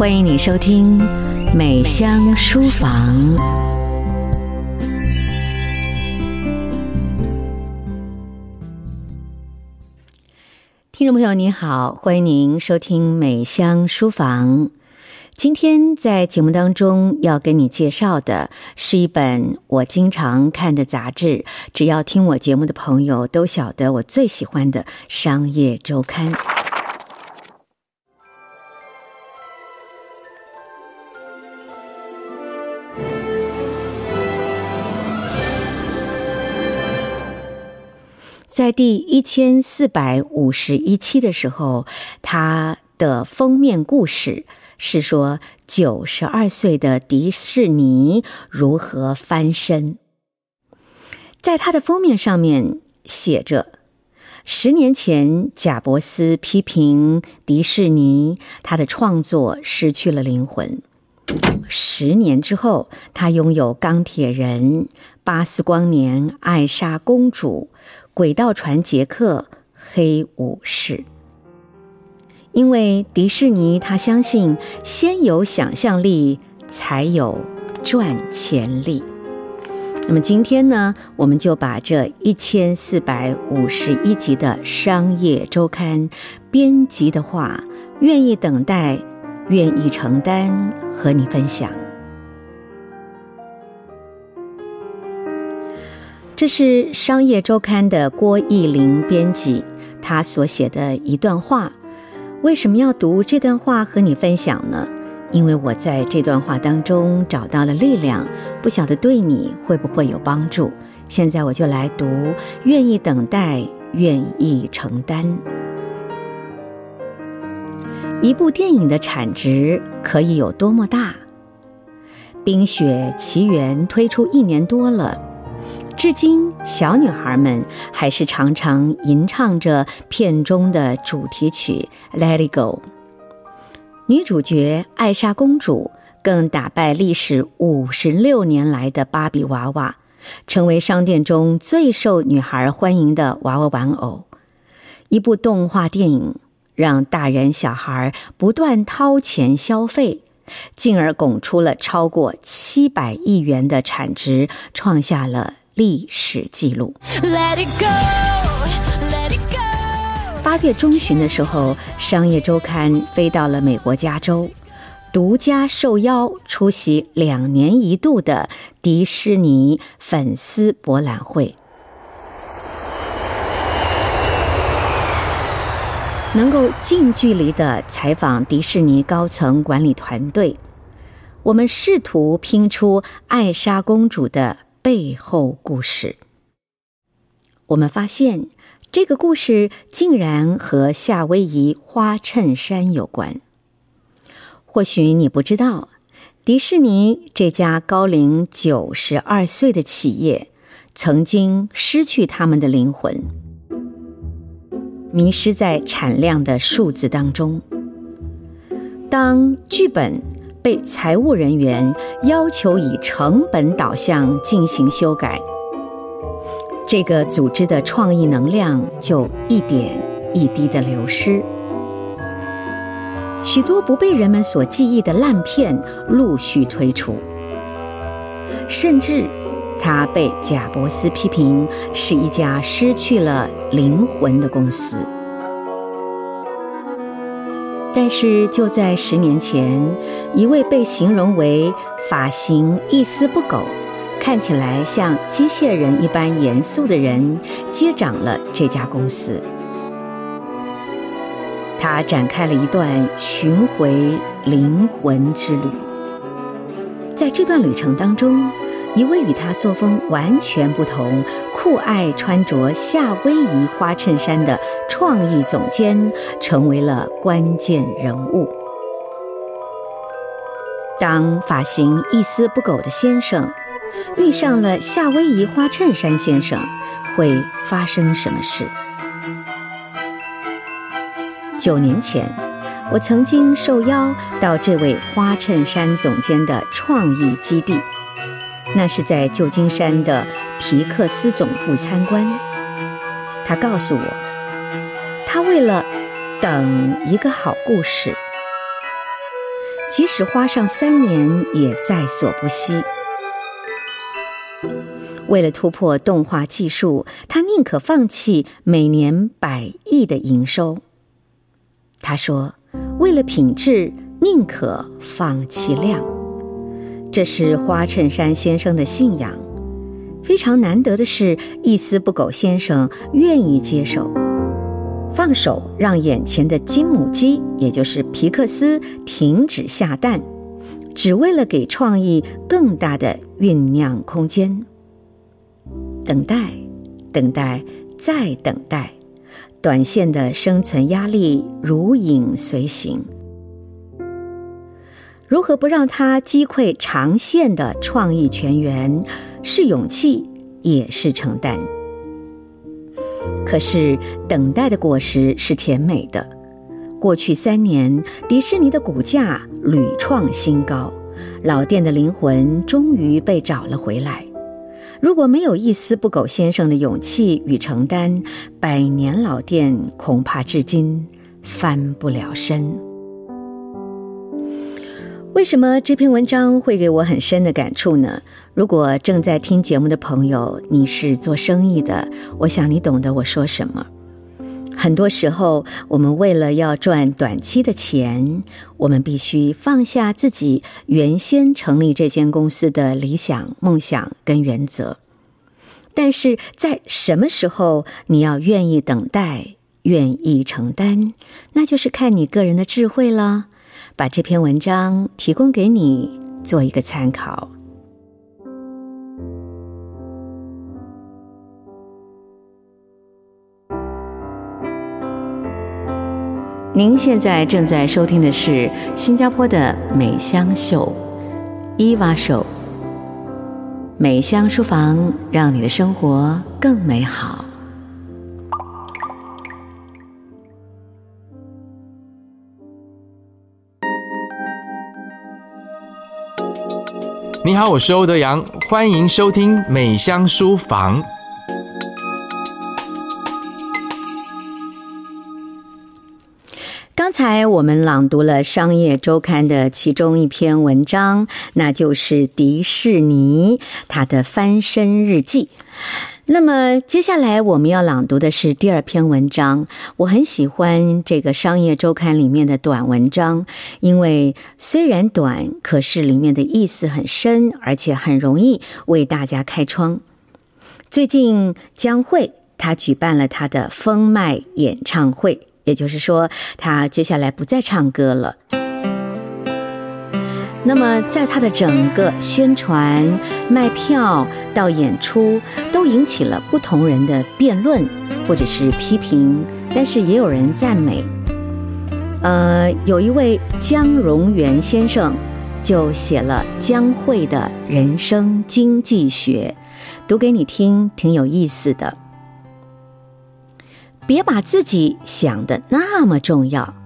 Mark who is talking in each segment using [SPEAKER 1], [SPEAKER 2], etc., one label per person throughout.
[SPEAKER 1] 歡迎你收聽《美香書房》。聽眾朋友，你好，歡迎您收聽《美香書房》。今天在節目當中要跟你介紹的是一本我經常看的雜誌，只要聽我節目的朋友都曉得我最喜歡的《商業周刊》。在第一千四百五十一期的時候，他的封面故事是說，九十二歲的迪士尼如何翻身。在他的封面上面寫着：十年前，賈伯斯批評迪士尼，他的創作失去了靈魂。十年之後，他擁有鋼鐵人、巴斯光年、艾莎公主、軌道船、傑克、黑武士。因為迪士尼，他相信先有想象力，才有賺錢力。那麼今天呢，我們就把這一千四百五十一集的《商業週刊》編輯的話，願意等待。願意承擔和你分享，這是《商業周刊》的郭奕伶編輯她所寫的一段話。為什麼要讀這段話和你分享呢？因為我在這段話當中找到了力量，不曉得對你會不會有幫助。現在我就來讀：願意等待，願意承擔。一部電影的產值可以有多麼大？《冰雪奇緣》推出一年多了，至今小女孩們還是常常吟唱着片中的主題曲《Let It Go》。女主角艾莎公主更打敗歷史五十六年來的芭比娃娃，成為商店中最受女孩歡迎的娃娃玩偶。一部動畫電影。讓大人小孩不斷掏錢消費，進而拱出了超過七百億元的產值，創下了歷史記錄。Let it go! Let it go! 八月中旬的時候，《商業周刊》飛到了美國加州，獨家受邀出席兩年一度的迪士尼粉絲博覽會。能夠近距離地採訪迪士尼高層管理團隊，我們試圖拼出艾莎公主的背後故事。我們發現，這個故事竟然和夏威夷花襯衫有關。或許你不知道，迪士尼這家高齡九十二歲的企業，曾經失去他們的靈魂。迷失在產量的數字當中，當劇本被財務人員要求以成本導向進行修改，這個組織的創意能量就一點一滴的流失，許多不被人們所記憶的爛片陸續推出，甚至。他被賈伯斯批評是一家失去了靈魂的公司。但是就在十年前，一位被形容為髮型一絲不苟、看起來像機械人一般嚴肅的人接掌了這家公司。他展開了一段尋回靈魂之旅，在這段旅程當中。一位與他作風完全不同，酷愛穿着夏威夷花襯衫的創意總監成為了關鍵人物。當髮型一絲不苟的先生遇上了夏威夷花襯衫先生，會發生什麼事？九年前，我曾經受邀到這位花襯衫總監的創意基地。那是在舊金山的皮克斯總部參觀，他告訴我，他為了等一個好故事，即使花上三年也在所不惜。為了突破動畫技術，他寧可放棄每年百億的營收。他說，為了品質，寧可放棄量。這是花襯衫先生的信仰，非常難得的是，一絲不苟先生願意接受放手，讓眼前的金母雞，也就是皮克斯停止下蛋，只為了給創意更大的醞釀空間。等待，等待，再等待，短線的生存壓力如影隨形。如何不讓他擊潰長線的創意泉源，是勇氣，也是承擔。可是等待的果實是甜美的。過去三年，迪士尼的股價屢創新高，老店的靈魂終於被找了回來。如果沒有一絲不苟先生的勇氣與承擔，百年老店恐怕至今翻不了身。為什麼這篇文章會給我很深的感觸呢？如果正在聽節目的朋友，你是做生意的，我想你懂得我說什麼。很多時候，我們為了要賺短期的錢，我們必須放下自己原先成立這間公司的理想、夢想跟原則。但是在什麼時候你要願意等待、願意承擔，那就是看你個人的智慧了。把這篇文章提供給你做一個參考。您現在正在收聽的是新加坡的美香秀，伊娃秀，美香書房，讓你的生活更美好。你好，我是歐德陽，歡迎收聽美香書房。剛才我們朗讀了《商業週刊》的其中一篇文章，那就是迪士尼他的翻身日記。那麼接下來我們要朗讀的是第二篇文章。我很喜歡這個《商業週刊》裡面的短文章，因為雖然短，可是裡面的意思很深，而且很容易為大家開窗。最近，江蕙他舉辦了他的封麥演唱會，也就是說，他接下來不再唱歌了。那麼，在他的整個宣傳、賣票到演出，都引起了不同人的辯論，或者是批評，但是也有人讚美。呃，有一位江榮元先生就寫了《江蕙的人生經濟學》，讀給你聽，挺有意思的。別把自己想的那麼重要。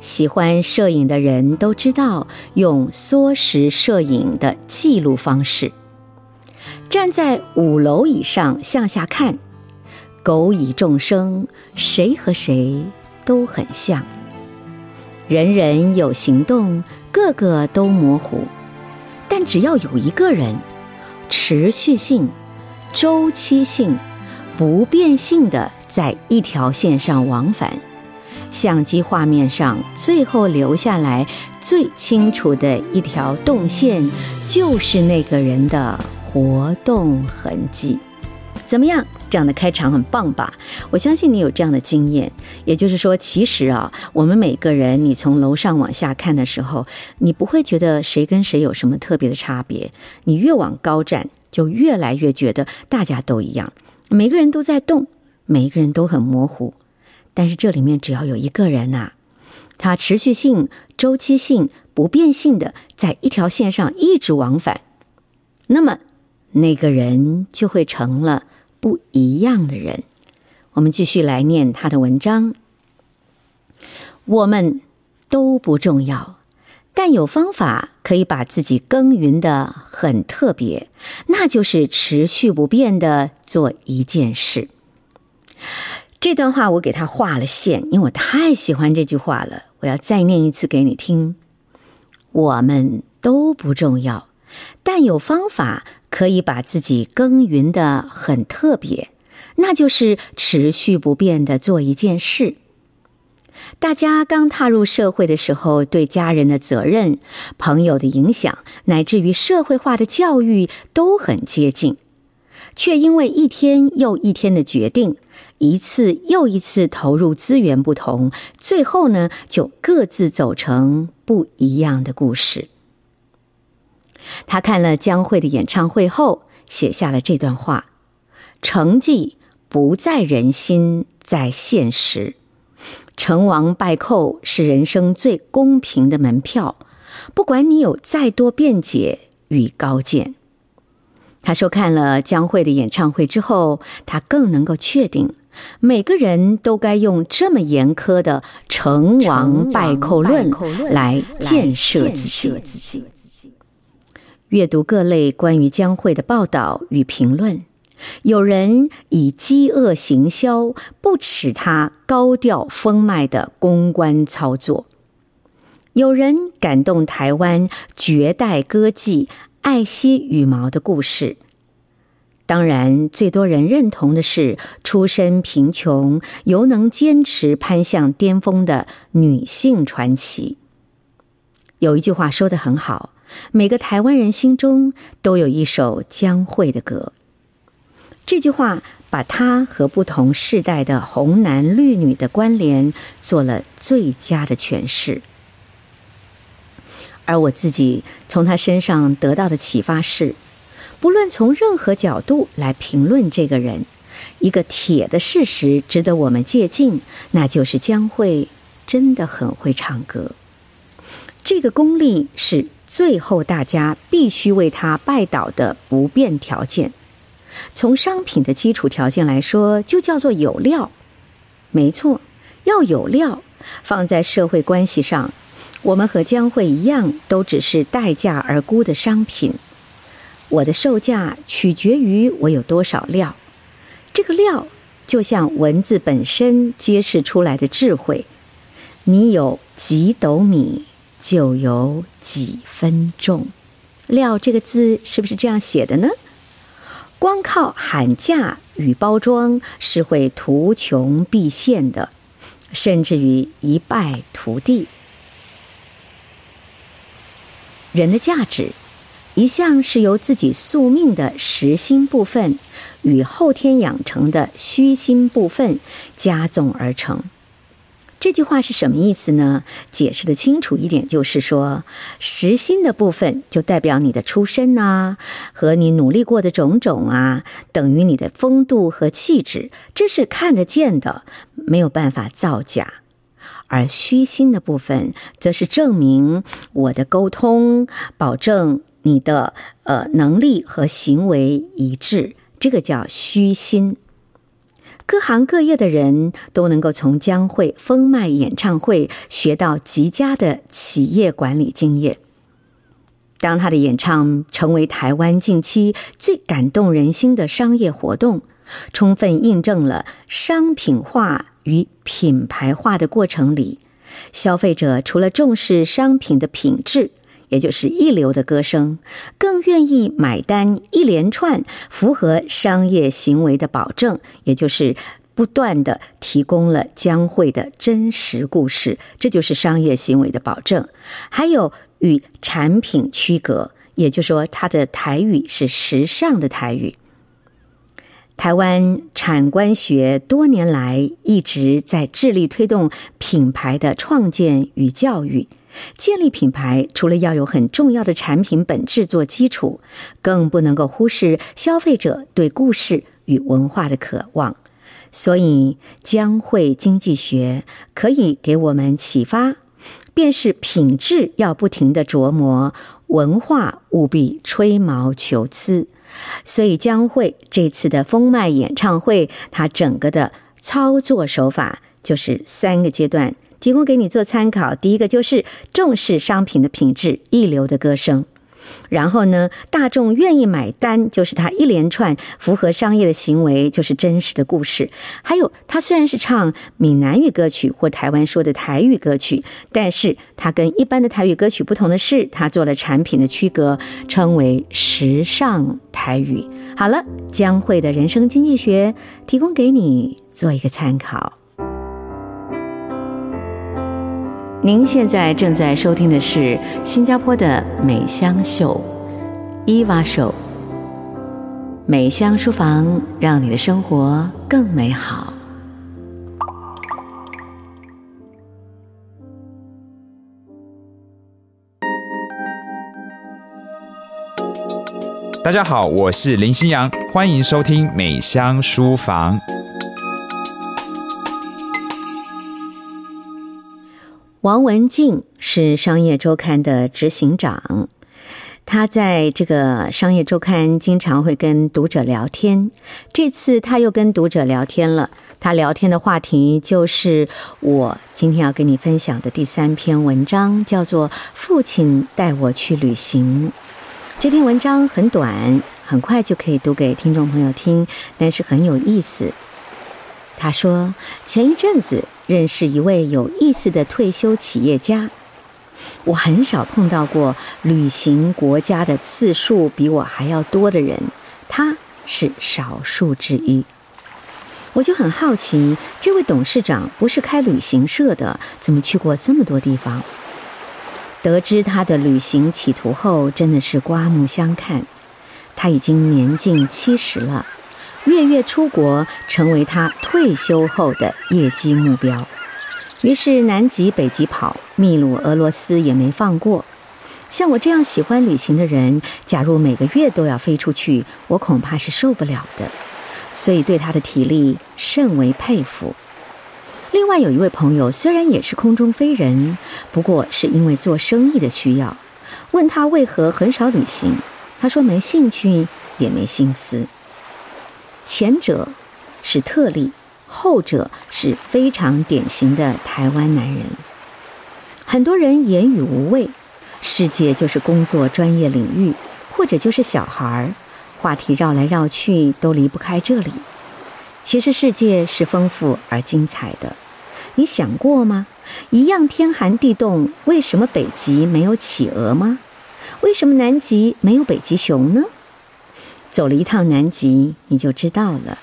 [SPEAKER 1] 喜歡攝影的人都知道，用縮時攝影的記錄方式，站在五樓以上向下看，狗以眾生，誰和誰都很像。人人有行動，個個都模糊，但只要有一個人，持續性、週期性、不變性的在一條線上往返。相機畫面上最後留下來最清楚的一條動線，就是那個人的活動痕跡。怎麼樣？這樣的開場很棒吧？我相信你有這樣的經驗。也就是說，其實啊，我們每個人，你從樓上往下看的時候，你不會覺得誰跟誰有什麼特別的差別。你越往高站，就越來越覺得大家都一樣，每個人都在動，每一個人都很模糊。但是這裡面只要有一個人吶、啊，他持續性、周期性、不變性的在一條線上一直往返，那麼那個人就會成了不一樣的人。我們繼續來念他的文章。我們都不重要，但有方法可以把自己耕耘的很特別，那就是持續不變的做一件事。這段話我給他畫了線，因為我太喜歡這句話了。我要再念一次給你聽：我們都不重要，但有方法可以把自己耕耘得很特別，那就是持續不變地做一件事。大家剛踏入社會的時候，對家人的責任、朋友的影響，乃至於社會化的教育都很接近，卻因為一天又一天的決定。一次又一次投入資源不同，最後呢，就各自走成不一樣的故事。他看了江蕙的演唱會後，寫下了這段話：成績不在人心，在現實。成王敗寇是人生最公平的門票，不管你有再多辯解與高見。他說：“看了江蕙的演唱會之後，他更能夠確定，每個人都該用這麼嚴苛的成王敗寇論來建設自己。自己”閱讀各類關於江蕙的報道與評論，有人以飢餓行銷不恥他高調封麥的公關操作，有人感動台灣絕代歌姬。愛惜羽毛的故事，當然最多人認同的是出身貧窮、猶能堅持攀向巔峰的女性傳奇。有一句話說得很好：“每個台灣人心中都有一首江蕙的歌。”這句話把她和不同世代的紅男綠女的關聯做了最佳的詮釋。而我自己從他身上得到的啟發是，不論從任何角度來評論這個人，一個鐵的事實值得我們借鑑，那就是江蕙真的很會唱歌。這個功力是最後大家必須為他拜倒的不變條件。從商品的基礎條件來說，就叫做有料。沒錯，要有料，放在社會關係上。我們和江蕙一樣，都只是待價而沽的商品。我的售價取決於我有多少料。這個料就像文字本身揭示出來的智慧。你有幾斗米，就有幾分重。料這個字是不是這樣寫的呢？光靠喊價與包裝是會圖窮匕見的，甚至於一敗塗地。人的價值，一向是由自己宿命的實心部分，與後天養成的虛心部分加總而成。這句話是什麼意思呢？解釋得清楚一點，就是說實心的部分就代表你的出身吶、啊，和你努力過的種種啊，等於你的風度和氣質，這是看得見的，沒有辦法造假。而虛心的部分，則是證明我的溝通，保證你的呃能力和行為一致，這個叫虛心。各行各業的人都能夠從江蕙封麥演唱會學到極佳的企業管理經驗。當他的演唱成為台灣近期最感動人心的商業活動，充分印證了商品化。與品牌化的過程裡，消費者除了重視商品的品質，也就是一流的歌聲，更願意買單一連串符合商業行為的保證，也就是不斷地提供了江蕙的真實故事，這就是商業行為的保證。還有與產品區隔，也就是說它的台語是時尚的台語。台灣產官學多年來一直在致力推動品牌的創建與教育。建立品牌除了要有很重要的產品本質做基礎，更不能夠忽視消費者對故事與文化的渴望。所以，江蕙經濟學可以給我們啟發，便是品質要不停地琢磨，文化務必吹毛求疵。所以，江蕙這次的封麥演唱會，它整個的操作手法就是三個階段，提供給你做參考。第一個就是重視商品的品質，一流的歌聲。然後呢，大眾願意買單，就是他一連串符合商業的行為，就是真實的故事。還有，他雖然是唱閩南語歌曲或台灣說的台語歌曲，但是他跟一般的台語歌曲不同的是，他做了產品的區隔，稱為時尚台語。好了，江蕙的人生經濟學提供給你做一個參考。您現在正在收聽的是新加坡的美香秀伊娃秀，美香書房讓你的生活更美好。大家好，我是林新陽，歡迎收聽美香書房。王文靜是《商業週刊》的執行長，他在這個《商業週刊》經常會跟讀者聊天。這次他又跟讀者聊天了，他聊天的話題就是我今天要跟你分享的第三篇文章，叫做《父親帶我去旅行》。這篇文章很短，很快就可以讀給聽眾朋友聽，但是很有意思。他說：“前一陣子認識一位有意思的退休企業家，我很少碰到過旅行國家的次數比我還要多的人，他是少數之一。我就很好奇，這位董事長不是開旅行社的，怎麼去過這麼多地方？得知他的旅行企圖後，真的是刮目相看。他已經年近七十了。”月月出國成為他退休後的業績目標，於是南極、北極跑，秘魯、俄羅斯也沒放過。像我這樣喜歡旅行的人，假如每個月都要飛出去，我恐怕是受不了的。所以對他的體力甚為佩服。另外有一位朋友，雖然也是空中飛人，不過是因為做生意的需要。問他為何很少旅行，他說沒興趣，也沒心思。前者是特例，後者是非常典型的台灣男人。很多人言語無味，世界就是工作專業領域，或者就是小孩兒，話題繞來繞去都離不開這裡。其實世界是豐富而精彩的，你想過嗎？一樣天寒地凍，為什麼北極沒有企鵝嗎？為什麼南極沒有北極熊呢？走了一趟南極，你就知道了。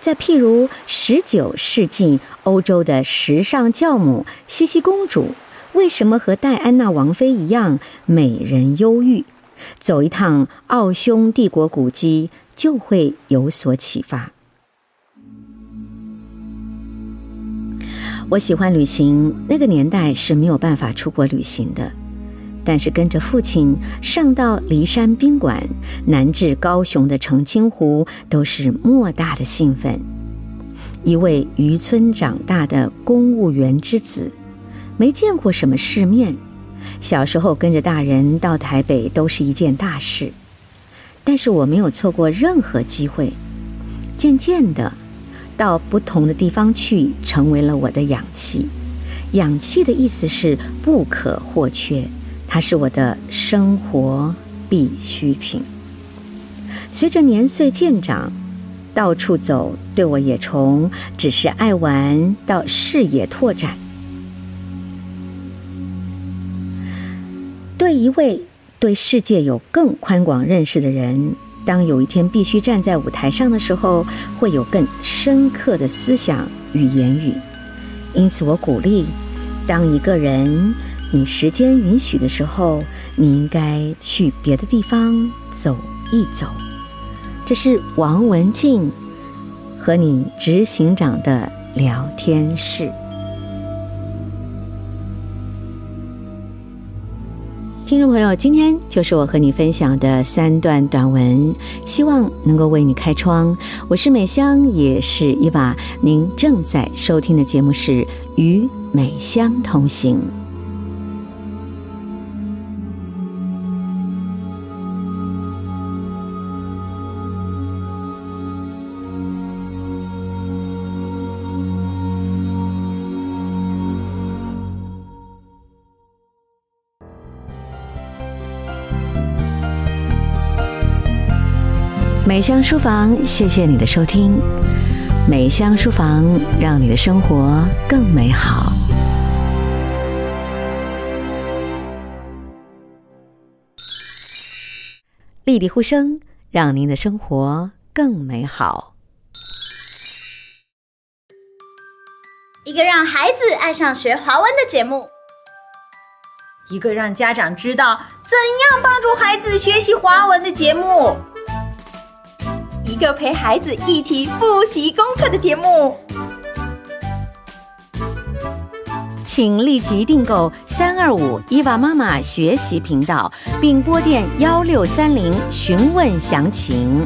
[SPEAKER 1] 再譬如，十九世紀歐洲的時尚教母茜茜公主，為什麼和戴安娜王妃一樣美人憂鬱？走一趟奧匈帝國古蹟，就會有所啟發。我喜歡旅行，那個年代是沒有辦法出國旅行的。但是跟着父親上到梨山賓館，南至高雄的澄清湖，都是莫大的興奮。一位漁村長大的公務員之子，沒見過什麼世面，小時候跟着大人到台北都是一件大事。但是我沒有錯過任何機會，漸漸的，到不同的地方去成為了我的氧氣。氧氣的意思是不可或缺。它是我的生活必需品。隨着年歲漸長，到處走對我也從只是愛玩到視野拓展。對一位對世界有更寬廣認識的人，當有一天必須站在舞台上的時候，會有更深刻的思想與言語。因此，我鼓勵當一個人。你時間允許的時候，你應該去別的地方走一走。這是王文靜和你執行長的聊天室。聽眾朋友，今天就是我和你分享的三段短文，希望能夠為你開窗。我是美香，也是伊娃。您正在收聽的節目是《與美香同行》。美香書房，謝謝你的收聽。美香書房，讓你的生活更美好。立立呼聲，讓您的生活更美好。一個讓孩子愛上學華文的節目，一個讓家長知道怎樣幫助孩子學習華文的節目。一個陪孩子一起複習功課的節目，請立即訂購三二五伊娃媽媽學習頻道，並撥電幺六三零詢問詳情。